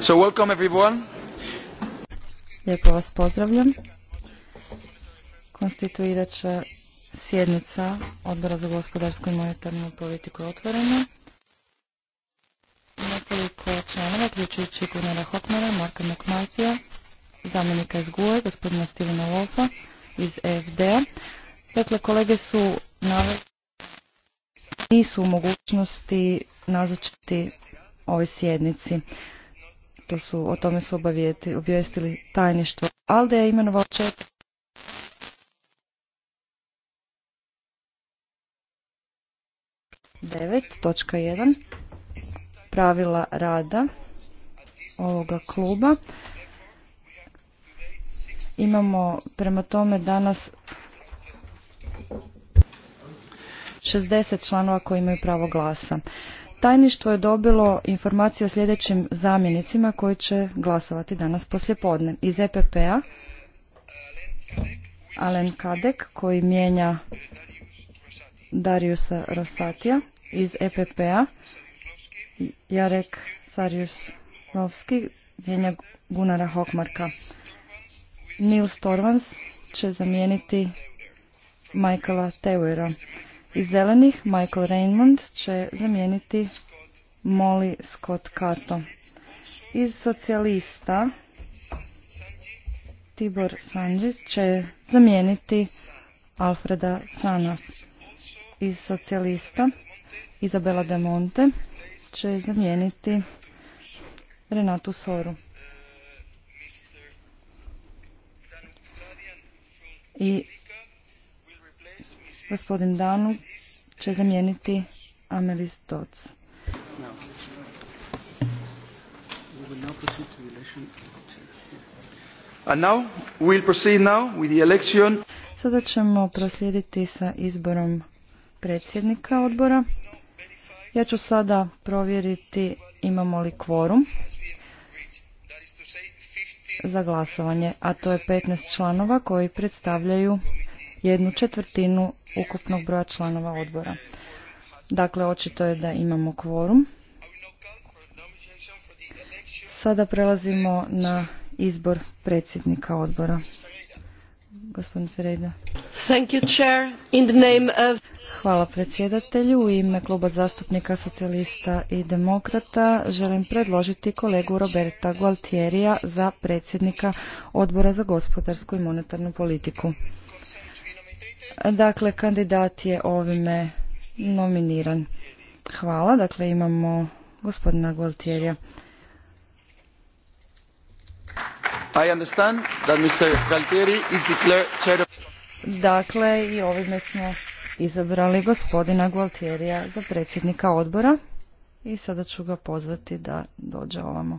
So welcome everyone. Lijepo vas pozdravljam. Konstituirat će sjednica Odbora za gospodarsku i monetarnu politiku otvorena. Nekoliko članova, ključujući Gunara Hopnera, Marka zamjenika iz GUE, gospodina Stivena Lofa iz efd Dakle, kolege su nisu u mogućnosti nazočiti ovoj sjednici to su, o tome su obavijeti, obavijestili tajništvo. Alde je imenovao četiri devet točka jedan pravila rada ovoga kluba. Imamo prema tome danas 60 članova koji imaju pravo glasa. Tajništvo je dobilo informacije o sljedećim zamjenicima koji će glasovati danas poslijepodne. Iz EPP-a Alen Kadek koji mijenja Dariusa Rosatija iz EPP-a Jarek Sarius mijenja Gunara Hokmarka. Nils Torvans će zamijeniti Michaela Teuera. Iz zelenih Michael Raymond će zamijeniti Molly Scott Cato. Iz socijalista Tibor Sanđis će zamijeniti Alfreda Sana. Iz socijalista Izabela De Monte će zamijeniti Renatu Soru. I Gospodin Danu će zamijeniti Amelis Doc. Sada ćemo proslijediti sa izborom predsjednika odbora. Ja ću sada provjeriti imamo li kvorum za glasovanje, a to je 15 članova koji predstavljaju jednu četvrtinu ukupnog broja članova odbora. Dakle, očito je da imamo kvorum. Sada prelazimo na izbor predsjednika odbora. Gospodin Ferreira. Hvala predsjedatelju. U ime kluba zastupnika socijalista i demokrata želim predložiti kolegu Roberta Gualtierija za predsjednika odbora za gospodarsku i monetarnu politiku. Dakle, kandidat je ovime nominiran. Hvala. Dakle, imamo gospodina Gualtierija. Dakle, i ovime smo izabrali gospodina Gualtierija za predsjednika odbora i sada ću ga pozvati da dođe ovamo.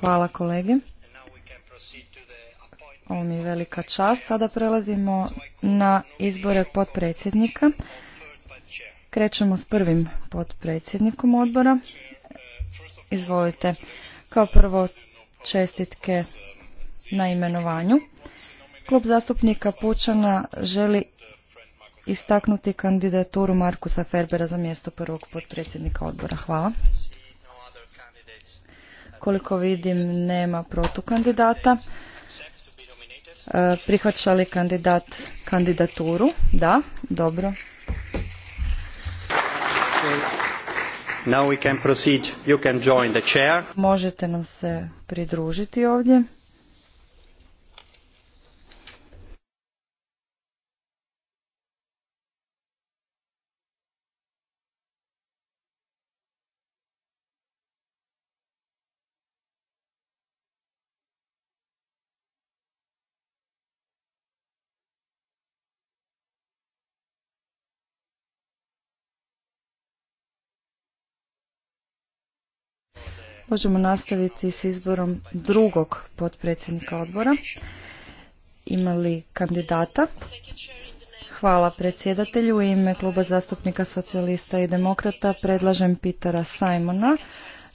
Hvala kolege. Ovo mi je velika čast. Sada prelazimo na izbore potpredsjednika. Krećemo s prvim potpredsjednikom odbora. Izvolite. Kao prvo čestitke na imenovanju. Klub zastupnika Pučana želi istaknuti kandidaturu Markusa Ferbera za mjesto prvog potpredsjednika odbora. Hvala. Koliko vidim, nema protukandidata. E, prihvaća li kandidat kandidaturu? Da, dobro. Možete nam se pridružiti ovdje. Možemo nastaviti s izborom drugog potpredsjednika odbora. Imali kandidata? Hvala predsjedatelju. U ime kluba zastupnika socijalista i demokrata predlažem Pitara Simona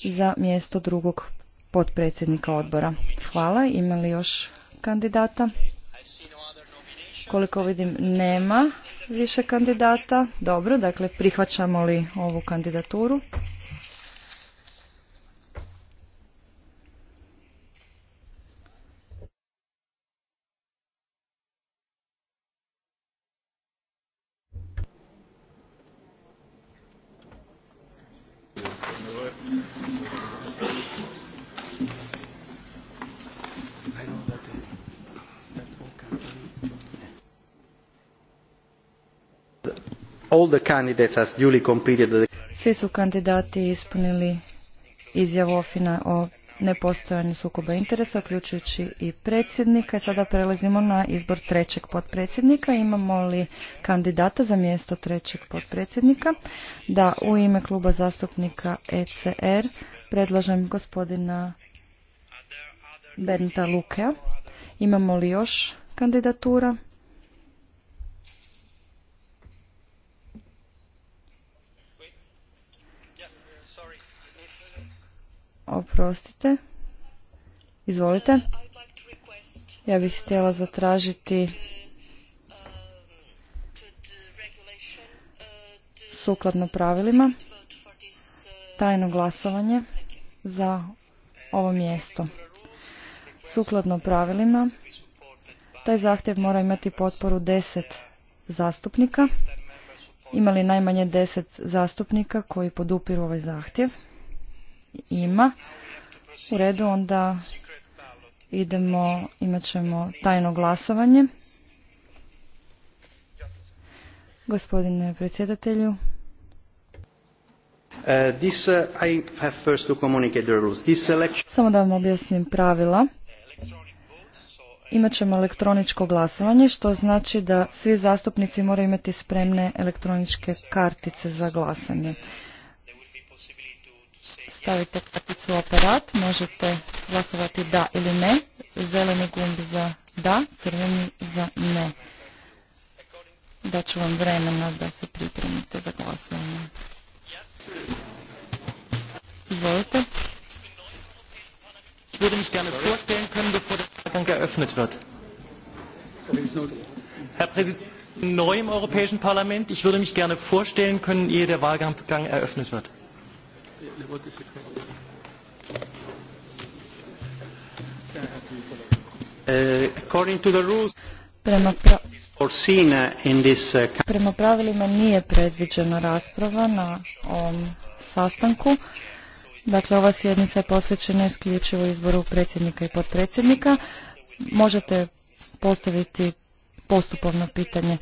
za mjesto drugog potpredsjednika odbora. Hvala. Ima li još kandidata? Koliko vidim nema više kandidata. Dobro, dakle prihvaćamo li ovu kandidaturu? Svi su kandidati ispunili izjavu o nepostojanju sukoba interesa, uključujući i predsjednika. Sada prelazimo na izbor trećeg potpredsjednika. Imamo li kandidata za mjesto trećeg potpredsjednika? Da, u ime kluba zastupnika ECR predlažem gospodina Bernta Lukea. Imamo li još kandidatura? oprostite. Izvolite. Ja bih htjela zatražiti sukladno pravilima tajno glasovanje za ovo mjesto. Sukladno pravilima taj zahtjev mora imati potporu 10 zastupnika. Imali najmanje 10 zastupnika koji podupiru ovaj zahtjev ima. U redu onda idemo, imat ćemo tajno glasovanje. Gospodine predsjedatelju. Samo da vam objasnim pravila. Imat ćemo elektroničko glasovanje, što znači da svi zastupnici moraju imati spremne elektroničke kartice za glasanje stavite karticu aparat, možete glasovati da ili ne, zeleni gumb za da, crveni za ne. Daću vam vremena da se pripremite za glasovanje. Izvolite. Ich würde mich gerne vorstellen können, bevor der Wahlgang eröffnet wird. Herr Präsident, neu im Europäischen Parlament, ich würde mich gerne vorstellen können, ehe der Wahlgang eröffnet wird prema, pravilima nije predviđena rasprava na ovom sastanku. Dakle, ova sjednica je posvećena isključivo izboru predsjednika i potpredsjednika. Možete postaviti postupovno pitanje.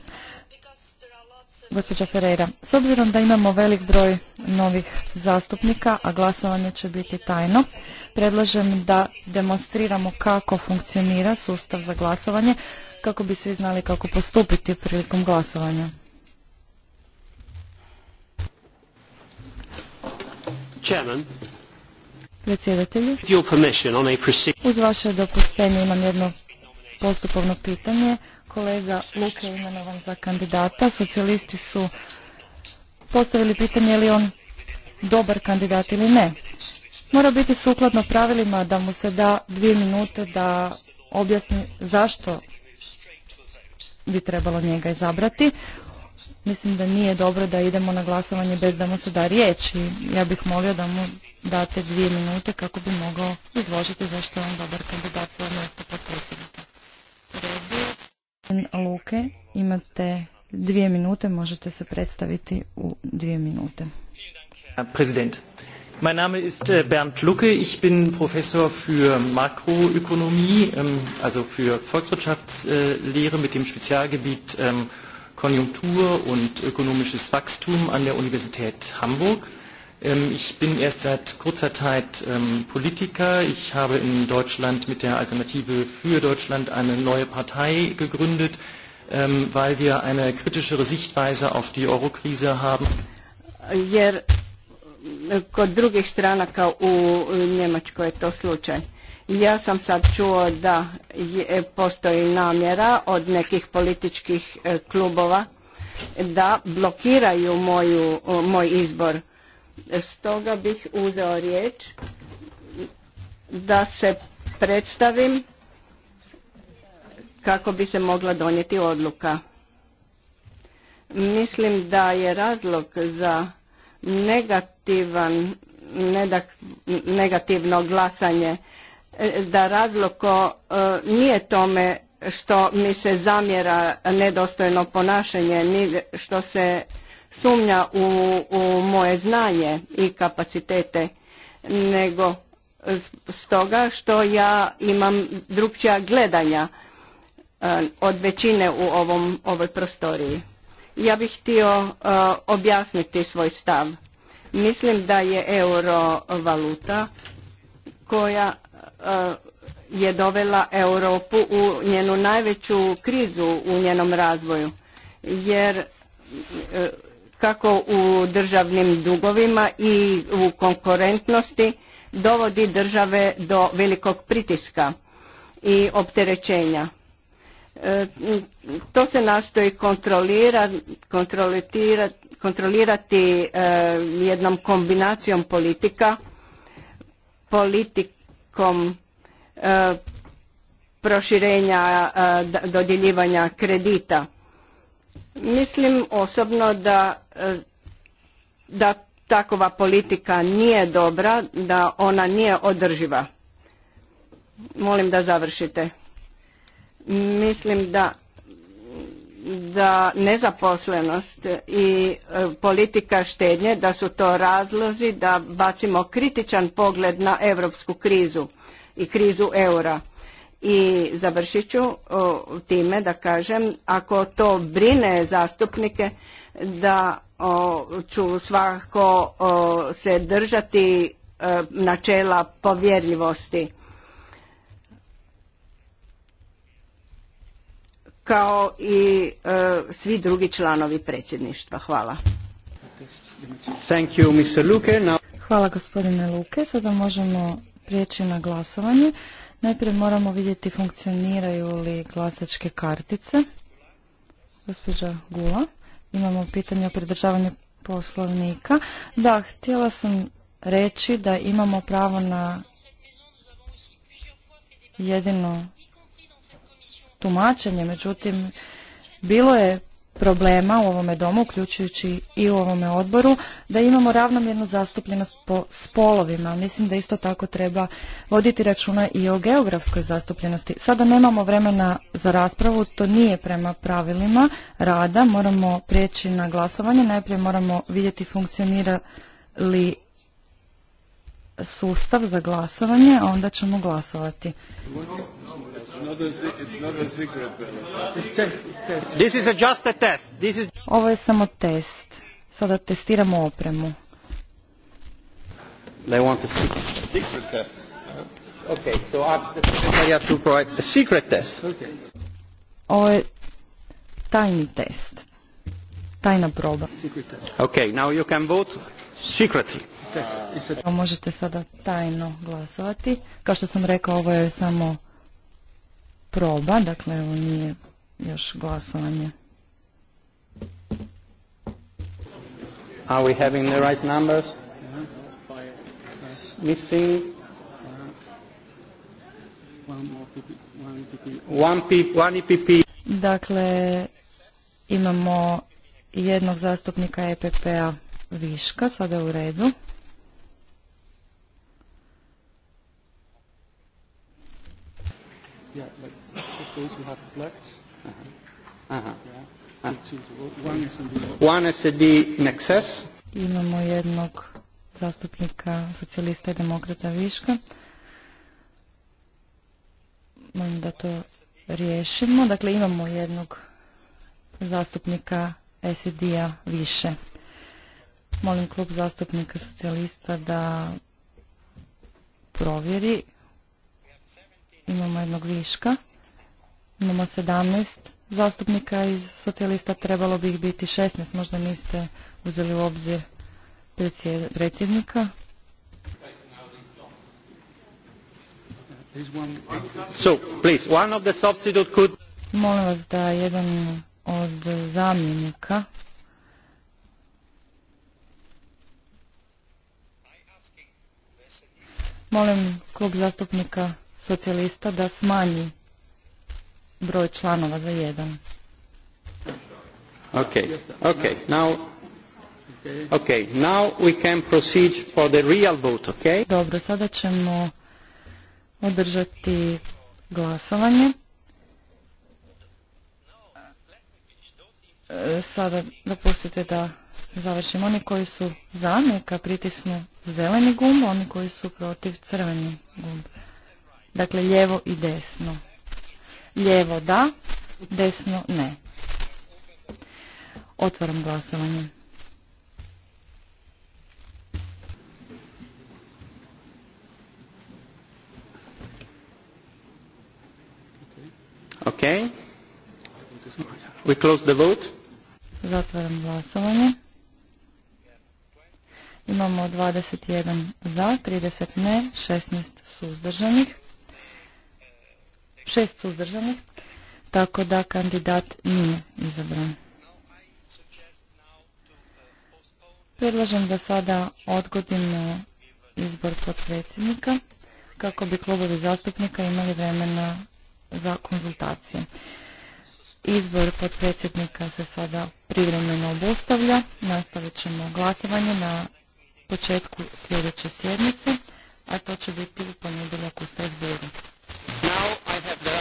Gospođa Ferreira, s obzirom da imamo velik broj novih zastupnika, a glasovanje će biti tajno, predlažem da demonstriramo kako funkcionira sustav za glasovanje, kako bi svi znali kako postupiti prilikom glasovanja. Chairman, predsjedatelji, uz vaše dopuštenje imam jedno postupovno pitanje kolega Luke imenovan za kandidata. Socijalisti su postavili pitanje je li on dobar kandidat ili ne. Mora biti sukladno pravilima da mu se da dvije minute da objasni zašto bi trebalo njega izabrati. Mislim da nije dobro da idemo na glasovanje bez da mu se da riječ i ja bih molio da mu date dvije minute kako bi mogao izložiti zašto je on dobar kandidat za mjesto potpredsjednika. Luke, imate dvije minute, možete se predstaviti u dvije minute. Prezident. Mein Name ist äh, Bernd Lucke, ich bin Professor für Makroökonomie, ähm, also für Volkswirtschaftslehre mit dem Spezialgebiet ähm, Konjunktur und ökonomisches Wachstum an der Universität Hamburg. Ähm, ich bin erst seit kurzer Zeit ähm, Politiker. Ich habe in Deutschland mit der Alternative für Deutschland eine neue Partei gegründet, ähm, weil wir eine kritischere Sichtweise auf die Eurokrise haben. Jer kod drugih stranaka u Njemačkoj je to slučaj. Ja sam sad čuo da postoji namjera od nekih političkih e, klubova da blokiraju moju, moj izbor Stoga bih uzeo riječ da se predstavim kako bi se mogla donijeti odluka. Mislim da je razlog za negativan, negativno glasanje da razlog e, nije tome što mi se zamjera nedostojno ponašanje, što se sumnja u, moje znanje i kapacitete nego stoga što ja imam drugčija gledanja e, od većine u ovom, ovoj prostoriji. Ja bih htio e, objasniti svoj stav. Mislim da je euro valuta koja e, je dovela Europu u njenu najveću krizu u njenom razvoju. Jer kako u državnim dugovima i u konkurentnosti dovodi države do velikog pritiska i opterećenja. E, to se nastoji kontrolirati, kontrolirati e, jednom kombinacijom politika, politikom e, proširenja dodjeljivanja kredita Mislim osobno da, e, da takova politika nije dobra, da ona nije održiva. Molim da završite. Mislim da da nezaposlenost i e, politika štednje da su to razlozi da bacimo kritičan pogled na europsku krizu i krizu eura i završit ću time da kažem, ako to brine zastupnike, da ću svako se držati e, načela povjerljivosti. kao i e, svi drugi članovi predsjedništva. Hvala. Hvala gospodine Luke. Sada možemo prijeći na glasovanje. Najprije moramo vidjeti funkcioniraju li glasačke kartice. Gospođa Gula, imamo pitanje o pridržavanju poslovnika. Da, htjela sam reći da imamo pravo na jedino tumačenje, međutim, bilo je problema u ovome domu, uključujući i u ovome odboru, da imamo ravnomjernu zastupljenost po spolovima. Mislim da isto tako treba voditi računa i o geografskoj zastupljenosti. Sada nemamo vremena za raspravu, to nije prema pravilima rada, moramo prijeći na glasovanje, najprije moramo vidjeti funkcionira li sustav za glasovanje, a onda ćemo glasovati. Ovo je samo test. Sada testiramo opremu. They want a secret, a secret test. Okay, so ask the secretariat to provide a secret test. Okay. Ovo je tajni test. Tajna proba. Secret test. Okay, now you can vote secretly. Možete sada tajno glasovati. Kao što sam rekao, ovo je samo proba, dakle ovo nije još glasovanje. Are we having the right numbers? Missing? E dakle, imamo jednog zastupnika EPP-a viška, sada je u redu. Yeah, like uh-huh. Uh-huh. one SD. Imamo jednog zastupnika socijalista i demokrata Viška. Molim da to riješimo. Dakle, imamo jednog zastupnika SED-a više. Molim klub zastupnika socijalista da provjeri imamo jednog viška. Imamo 17 zastupnika iz socijalista, trebalo bi ih biti 16, možda niste uzeli u obzir predsjednika. Molim vas da jedan od zamjenika Molim klub zastupnika socijalista da smanji broj članova za jedan. Okay. Okay. Now, okay. Now we can proceed for the real vote, okay? Dobro, sada ćemo održati glasovanje. E, sada dopustite da završim. Oni koji su za, neka pritisnu zeleni gumb, oni koji su protiv crveni gumb. Dakle, lijevo i desno. Lijevo da, desno ne. Otvaram glasovanje. Ok. We close the vote. Zatvaram glasovanje. Imamo 21 za, 30 ne, 16 suzdržanih šest suzdržanih, tako da kandidat nije izabran. Predlažem da sada odgodimo izbor potpredsjednika kako bi klubovi zastupnika imali vremena za konzultacije. Izbor potpredsjednika se sada privremeno obustavlja. Nastavit ćemo glasovanje na početku sljedeće sjednice, a to će biti u ponedjeljak u Strasburu have